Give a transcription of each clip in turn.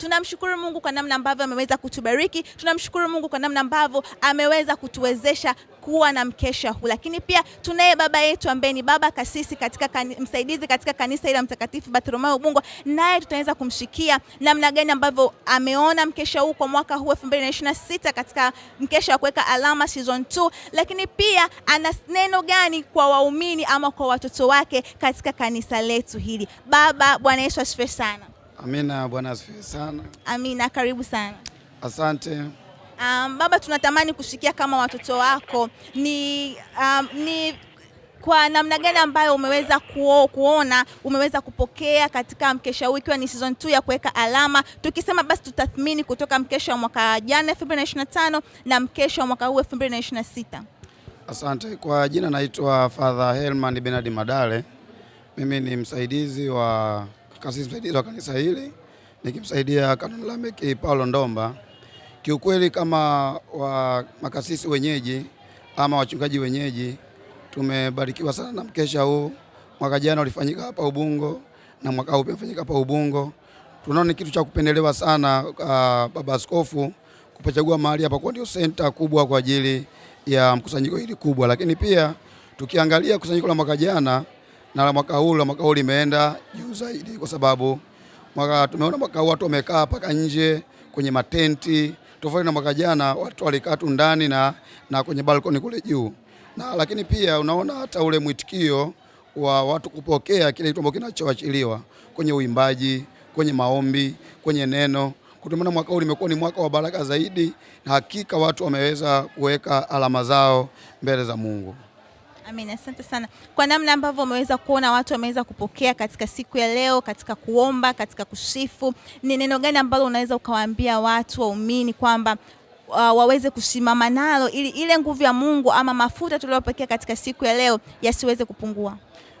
Tunamshukuru Mungu kwa namna ambavyo ameweza kutubariki, tunamshukuru Mungu kwa namna ambavyo ameweza kutuwezesha kuwa na mkesha huu, lakini pia tunaye baba yetu ambaye ni baba kasisi katika kani, msaidizi katika kanisa ile Mtakatifu Bartholomeo Ubungo, naye tutaweza kumshikia namna gani ambavyo ameona mkesha huu kwa mwaka huu 2026 katika mkesha wa kuweka alama season 2, lakini pia ana neno gani kwa waumini ama kwa watoto wake katika kanisa letu hili. Baba, Bwana Yesu asifiwe sana. Amina, Bwana asifiwe sana. Amina, karibu sana. Asante. Um, baba tunatamani kushikia kama watoto wako ni, um, ni kwa namna gani ambayo umeweza kuo, kuona umeweza kupokea katika mkesha huu ikiwa ni season 2 ya kuweka alama, tukisema basi tutathmini kutoka mkesha wa mwaka jana 2025 na mkesha wa mwaka huu 2026. Asante. Kwa jina naitwa Father Helman Bernard Madale, mimi ni msaidizi wa kasisi msaidizi wa kanisa hili nikimsaidia Kanoni Lameki eh, Paulo Ndomba. Kiukweli kama wa makasisi wenyeji ama wachungaji wenyeji tumebarikiwa sana na mkesha huu. Mwaka jana ulifanyika hapa Ubungo na mwaka huu umefanyika hapa Ubungo. Tunaona ni kitu cha kupendelewa sana uh, baba askofu kupachagua mahali hapa kwa ndio senta kubwa kwa ajili ya mkusanyiko hili kubwa, lakini pia tukiangalia kusanyiko la mwaka jana na mwaka huu la mwaka huu limeenda juu zaidi, kwa sababu mwaka tumeona mwaka huu watu wamekaa mpaka nje kwenye matenti, tofauti na mwaka jana watu walikaa tu ndani na, na kwenye balkoni kule juu na, lakini pia unaona hata ule mwitikio wa watu kupokea kile kitu ambacho kinachoachiliwa kwenye uimbaji, kwenye maombi, kwenye neno kutumana. Mwaka huu limekuwa ni mwaka wa baraka zaidi, na hakika watu wameweza kuweka alama zao mbele za Mungu. Amin, asante sana kwa namna ambavyo umeweza kuona watu wameweza kupokea katika siku ya leo, katika kuomba, katika kusifu. Ni neno gani ambalo unaweza ukawaambia watu waumini kwamba uh, waweze kusimama nalo ili ile nguvu ya Mungu ama mafuta tuliyopokea katika siku ya leo yasiweze kupungua?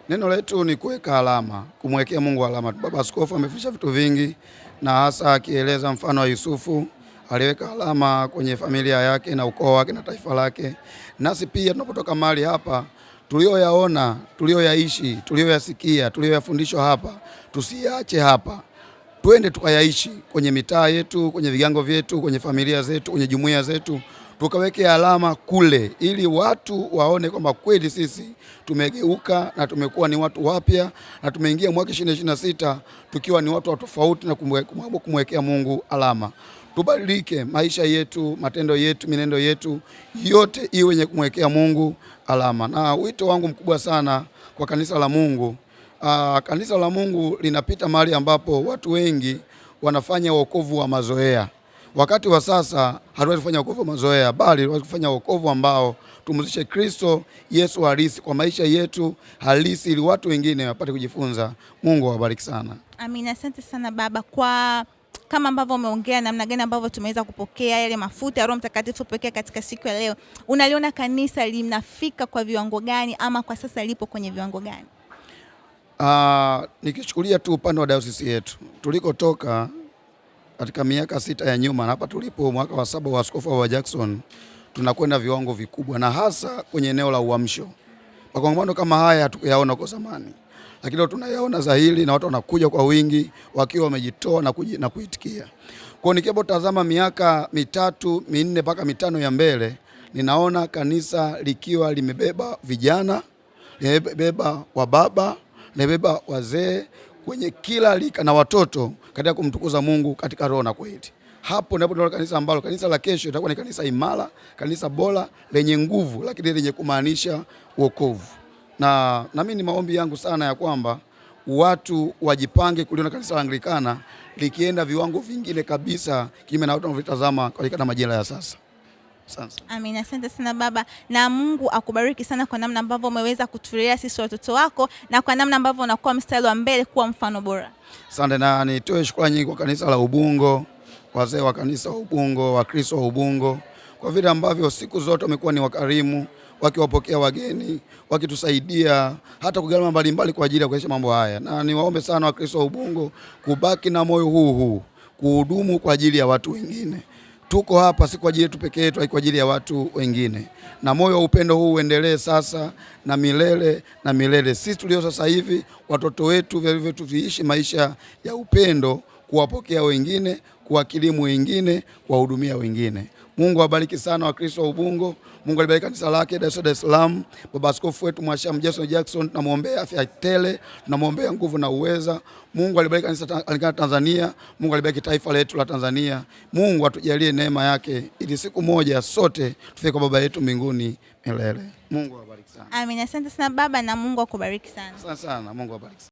Neno letu ni kuweka alama, kumwekea Mungu alama. Baba Askofu amefundisha vitu vingi, na hasa akieleza mfano wa Yusufu aliweka alama kwenye familia yake na ukoo wake na taifa lake. Nasi pia tunapotoka mahali hapa, tulioyaona, tulioyaishi, tulioyasikia, tulioyafundishwa hapa, tusiache hapa, twende tukayaishi kwenye mitaa yetu, kwenye vigango vyetu, kwenye familia zetu, kwenye jumuiya zetu, tukaweke alama kule, ili watu waone kwamba kweli sisi tumegeuka na tumekuwa ni watu wapya na tumeingia mwaka 2026 tukiwa ni watu wa tofauti na kumwekea Mungu alama tubadilike maisha yetu, matendo yetu, minendo yetu yote iwe yenye kumwekea Mungu alama. Na wito wangu mkubwa sana kwa kanisa la Mungu, aa, ah, kanisa la Mungu linapita mahali ambapo watu wengi wanafanya wokovu wa mazoea. Wakati wa sasa hatuwezi kufanya wokovu wa mazoea, bali tunaweza kufanya wokovu ambao tumuzishe Kristo Yesu halisi kwa maisha yetu halisi, ili watu wengine wapate kujifunza. Mungu awabariki sana. Amina, asante sana baba kwa kama ambavyo umeongea namna gani ambavyo tumeweza kupokea yale mafuta ya Roho Mtakatifu pekee katika siku ya leo, unaliona kanisa linafika kwa viwango gani ama kwa sasa lipo kwenye viwango gani? Uh, nikichukulia tu upande wa dayosisi yetu tulikotoka katika miaka sita ya nyuma na hapa tulipo mwaka wa saba wa askofu wa Jackson, tunakwenda viwango vikubwa na hasa kwenye eneo la uamsho. Makongamano kama haya hatukuyaona kwa zamani lakini tunayaona dhahiri na watu wanakuja kwa wingi wakiwa wamejitoa na, na kuitikia. Kwa tazama miaka mitatu minne mpaka mitano ya mbele, ninaona kanisa likiwa limebeba vijana, limebeba wababa, limebeba wazee kwenye kila lika na watoto katika kumtukuza Mungu katika roho na kweli. Hapo ndipo ndio kanisa ambalo kanisa la kesho litakuwa ni kanisa imara, kanisa bora lenye nguvu, lakini lenye kumaanisha wokovu na, na mimi ni maombi yangu sana ya kwamba watu wajipange kuliona kanisa la Anglikana likienda viwango vingine kabisa, kinyume na watu wanavyotazama katika majira ya sasa. Amina, asante sana baba, na Mungu akubariki sana kwa namna ambavyo umeweza kutulea sisi watoto wako na kwa namna ambavyo unakuwa mstari wa mbele kuwa mfano bora. Asante, na nitoe shukrani nyingi kwa kanisa la Ubungo, wazee wa kanisa wa Ubungo, Wakristo wa Ubungo, kwa vile ambavyo siku zote wamekuwa ni wakarimu wakiwapokea wageni, wakitusaidia hata kugharama mbalimbali kwa ajili ya kuonyesha mambo haya, na niwaombe sana Wakristo wa Ubungo kubaki na moyo huu huu kuhudumu kwa ajili ya watu wengine. Tuko hapa si kwa ajili yetu pekee yetu, kwa ajili ya watu wengine, na moyo wa upendo huu uendelee sasa na milele na milele. Sisi tulio sasa hivi, watoto wetu, vile tuishi maisha ya upendo, kuwapokea wengine, kuwakilimu wengine, kuwahudumia wengine. Mungu awabariki sana Wakristo wa Ubungo. Mungu alibariki kanisa lake Dar es Salaam. Baba Askofu wetu Mhashamu Jason Jackson tunamwombea afya tele, tunamwombea nguvu na uweza. Mungu alibariki kanisa la Tanzania, Mungu alibariki taifa letu la Tanzania. Mungu atujalie neema yake ili siku moja sote tufike kwa baba yetu mbinguni milele. Mungu awabariki sana. Amina. Asante sana baba na Mungu akubariki sana. Sana sana. Mungu awabariki.